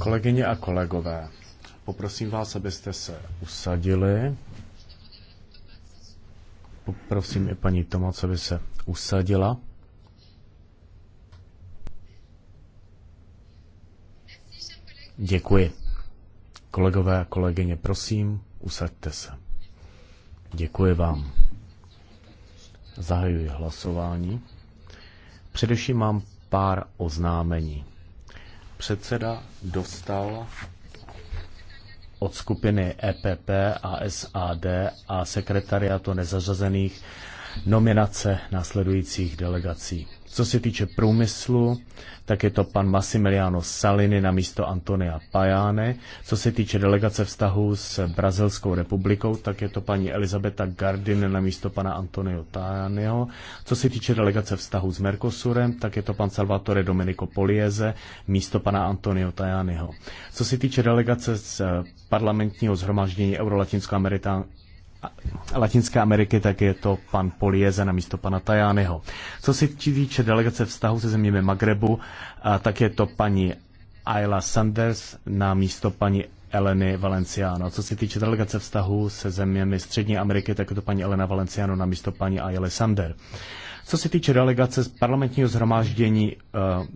Kolegyně a kolegové, poprosím vás, abyste se usadili. Poprosím i paní Tomac, aby se usadila. Děkuji. Kolegové a kolegyně, prosím, usaďte se. Děkuji vám. Zahajuji hlasování. Především mám pár oznámení předseda dostal od skupiny EPP a SAD a sekretariátu nezařazených nominace následujících delegací. Co se týče průmyslu, tak je to pan Massimiliano Salini na místo Antonia Pajáne. Co se týče delegace vztahu s Brazilskou republikou, tak je to paní Elizabeta Gardin na místo pana Antonio Tajaneho. Co se týče delegace vztahu s Mercosurem, tak je to pan Salvatore Domenico Polieze místo pana Antonio Tajaneho. Co se týče delegace z eh, parlamentního zhromaždění Eurolatinsko Latinské Ameriky, tak je to pan Polieze na místo pana Tajányho. Co se týče delegace vztahu se zeměmi Magrebu, tak je to paní Ayla Sanders na místo paní Eleny Valenciano. Co se týče delegace vztahu se zeměmi Střední Ameriky, tak je to paní Elena Valenciano na místo paní Ayla Sander. Co se týče delegace z parlamentního zhromáždění uh,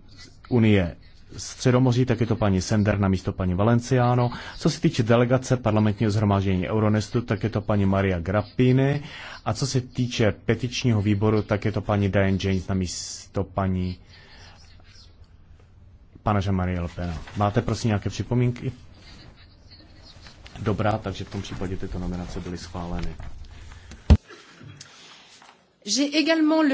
Unie Středomoří, tak je to paní Sender na místo paní Valenciano. Co se týče delegace parlamentního zhromáždění Euronestu, tak je to paní Maria Grappini. A co se týče petičního výboru, tak je to paní Diane James na místo paní pana Jean-Marie Le Pen. Máte prosím nějaké připomínky? Dobrá, takže v tom případě tyto nominace byly schváleny. J'ai également le